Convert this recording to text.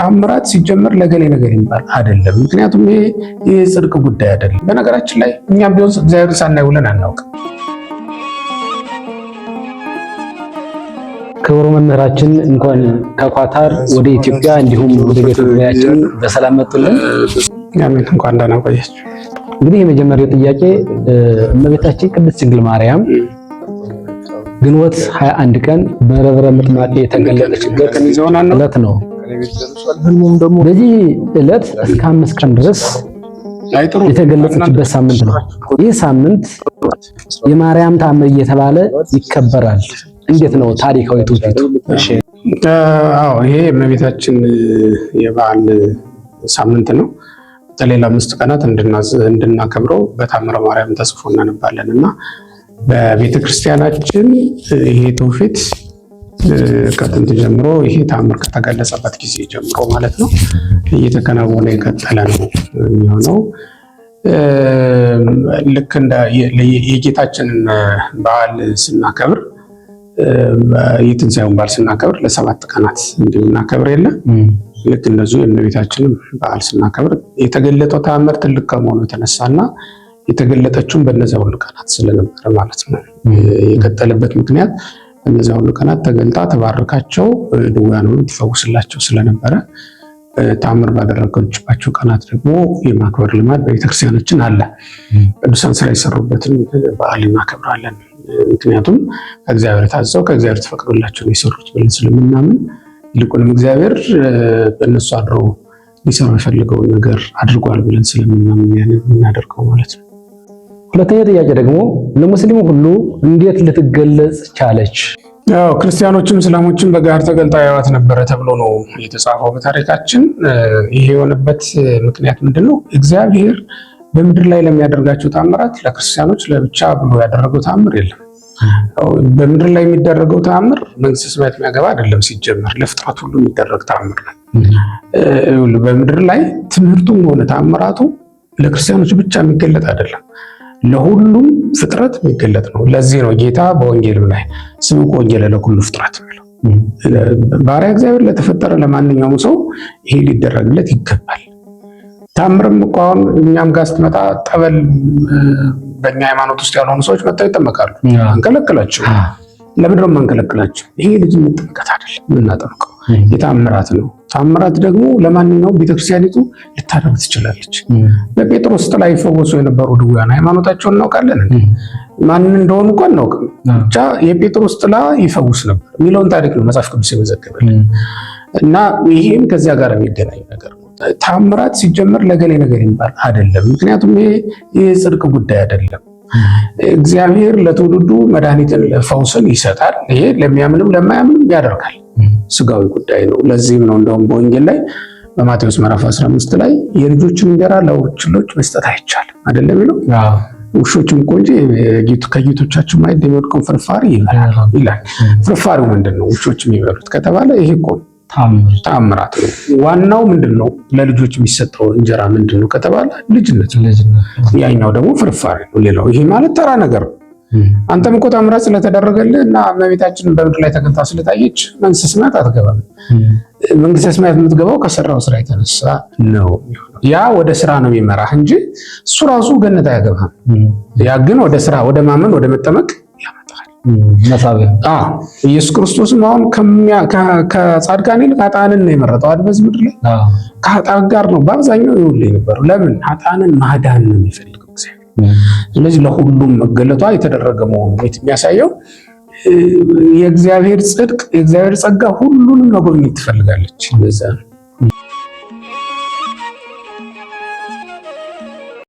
ታምራት ሲጀምር ለገሌ ነገር ይባል አይደለም። ምክንያቱም ይሄ የጽድቅ ጉዳይ አይደለም። በነገራችን ላይ እኛም ቢሆን እግዚአብሔር እግዚአብሔርን ውለን አናውቅም። ክቡር መምህራችን እንኳን ከኳታር ወደ ኢትዮጵያ እንዲሁም ወደ ቤተ ጉባኤያችን በሰላም መጡልን። አሜን። እንኳን ደህና ቆያችሁ። እንግዲህ የመጀመሪያው ጥያቄ እመቤታችን ቅድስት ድንግል ማርያም ግንቦት 21 ቀን በረብረ ምጥማቄ የተገለጠችበት ዕለት ነው። በዚህ ዕለት እስከ አምስት ቀን ድረስ የተገለጸችበት ሳምንት ነው። ይህ ሳምንት የማርያም ታምር እየተባለ ይከበራል። እንዴት ነው ታሪካዊ ትውፊቱ? አዎ ይሄ የእመቤታችን የበዓል ሳምንት ነው። በተለይ ለአምስቱ ቀናት እንድናከብረው በታምረ ማርያም ተጽፎ እናነባለን እና በቤተክርስቲያናችን ይሄ ትውፊት ከጥንት ጀምሮ ይሄ ተአምር ከተገለጸበት ጊዜ ጀምሮ ማለት ነው እየተከናወነ የቀጠለ ነው የሚሆነው። ልክ እንደ የጌታችንን በዓል ስናከብር የትንሣኤውን በዓል ስናከብር ለሰባት ቀናት እንዲሁ የለ ልክ እንደዚሁ የእመቤታችንም በዓል ስናከብር የተገለጠው ተአምር ትልቅ ከመሆኑ የተነሳና የተገለጠችውን በነዚያ ሁሉ ቀናት ስለነበረ ማለት ነው የቀጠለበት ምክንያት እነዚያ ሁሉ ቀናት ተገልጣ ተባርካቸው ድውያን ሁሉ ትፈውስላቸው ስለነበረ ታምር ባደረገችባቸው ቀናት ደግሞ የማክበር ልማድ በቤተክርስቲያናችን አለ። ቅዱሳን ስራ የሰሩበትን በዓል እናከብራለን። ምክንያቱም ከእግዚአብሔር ታዘው ከእግዚአብሔር ተፈቅዶላቸው የሰሩት ብለን ስለምናምን ይልቁንም እግዚአብሔር በእነሱ አድሮ ሊሰሩ የፈለገውን ነገር አድርጓል ብለን ስለምናምን ያንን የምናደርገው ማለት ነው። ሁለተኛ ጥያቄ ደግሞ ለሙስሊሙ ሁሉ እንዴት ልትገለጽ ቻለች? ያው ክርስቲያኖችም እስላሞችም በጋር ተገልጣ ያዋት ነበረ ተብሎ ነው የተጻፈው በታሪካችን። ይሄ የሆነበት ምክንያት ምንድን ነው? እግዚአብሔር በምድር ላይ ለሚያደርጋቸው ታምራት ለክርስቲያኖች ለብቻ ብሎ ያደረገው ታምር የለም። በምድር ላይ የሚደረገው ታምር መንግስተ ሰማያት የሚያገባ አይደለም። ሲጀመር ለፍጥረት ሁሉ የሚደረግ ተአምር ነው። በምድር ላይ ትምህርቱም ሆነ ተአምራቱ ለክርስቲያኖች ብቻ የሚገለጥ አይደለም። ለሁሉም ፍጥረት የሚገለጥ ነው። ለዚህ ነው ጌታ በወንጌልም ላይ ስብከ ወንጌለ ለኩሉ ፍጥረት የሚለው። ባሪያ እግዚአብሔር ለተፈጠረ ለማንኛውም ሰው ይሄ ሊደረግለት ይገባል። ታምርም እኮ አሁን እኛም ጋር ስትመጣ ጠበል በእኛ ሃይማኖት ውስጥ ያልሆኑ ሰዎች መጥተው ይጠመቃሉ። አንከለክላቸው። ለምንድነው የማንከለክላቸው? ይሄ ልጅ ጥምቀት አይደለም የምናጠምቀው የታምራት ነው። ታምራት ደግሞ ለማንኛውም ቤተክርስቲያኒቱ ልታደርግ ትችላለች። በጴጥሮስ ጥላ ይፈወሱ የነበሩ ድውያን ሃይማኖታቸውን እናውቃለን፣ ማንን እንደሆኑ እኮ እናውቅም። ብቻ የጴጥሮስ ጥላ ይፈውስ ነበር የሚለውን ታሪክ ነው መጽሐፍ ቅዱስ የመዘገበልን እና ይህም ከዚያ ጋር የሚገናኝ ነገር ነው። ታምራት ሲጀመር ለገሌ ነገር የሚባል አይደለም። ምክንያቱም ይሄ የጽድቅ ጉዳይ አይደለም። እግዚአብሔር ለትውልዱ መድኃኒትን ፈውስን ይሰጣል። ይሄ ለሚያምንም ለማያምንም ያደርጋል። ስጋዊ ጉዳይ ነው። ለዚህም ነው እንደውም በወንጌል ላይ በማቴዎስ ምዕራፍ 15 ላይ የልጆችን እንጀራ ለውችሎች መስጠት አይቻልም አይደለም የሚለው ውሾችም እኮ እንጂ ከጌቶቻችን ማየት የሚወድቀውን ፍርፋሪ ይበላል ይላል። ፍርፋሪው ምንድን ነው ውሾች የሚበሉት ከተባለ ይሄ እኮ ታምራት ነው። ዋናው ምንድን ነው? ለልጆች የሚሰጠው እንጀራ ምንድን ነው ከተባለ ልጅነት፣ ያኛው ደግሞ ፍርፋሪ ነው። ሌላው ይሄ ማለት ተራ ነገር ነው። አንተም እኮ ታምራ ስለተደረገልህ እና እመቤታችንን በምድር ላይ ተገንታ ስለታየች መንግስተ ሰማያት አትገባም። መንግስተ ሰማያት የምትገባው ከሰራው ስራ የተነሳ ነው። ያ ወደ ስራ ነው የሚመራህ እንጂ እሱ ራሱ ገነት አያገባም። ያ ግን ወደ ስራ፣ ወደ ማመን፣ ወደ መጠመቅ ያመጣል። ኢየሱስ ክርስቶስም አሁን ከጻድቃን ይልቅ ኃጥአንን ነው የመረጠው አይደል? በዚህ ምድር ላይ ከኃጥአን ጋር ነው በአብዛኛው ይውል የነበረው። ለምን ኃጥአንን ማዳን ነው የሚፈልገው ስለዚህ ለሁሉም መገለጧ የተደረገ መሆኑ የሚያሳየው የእግዚአብሔር ጽድቅ የእግዚአብሔር ጸጋ ሁሉንም መጎብኘት ትፈልጋለች። ነው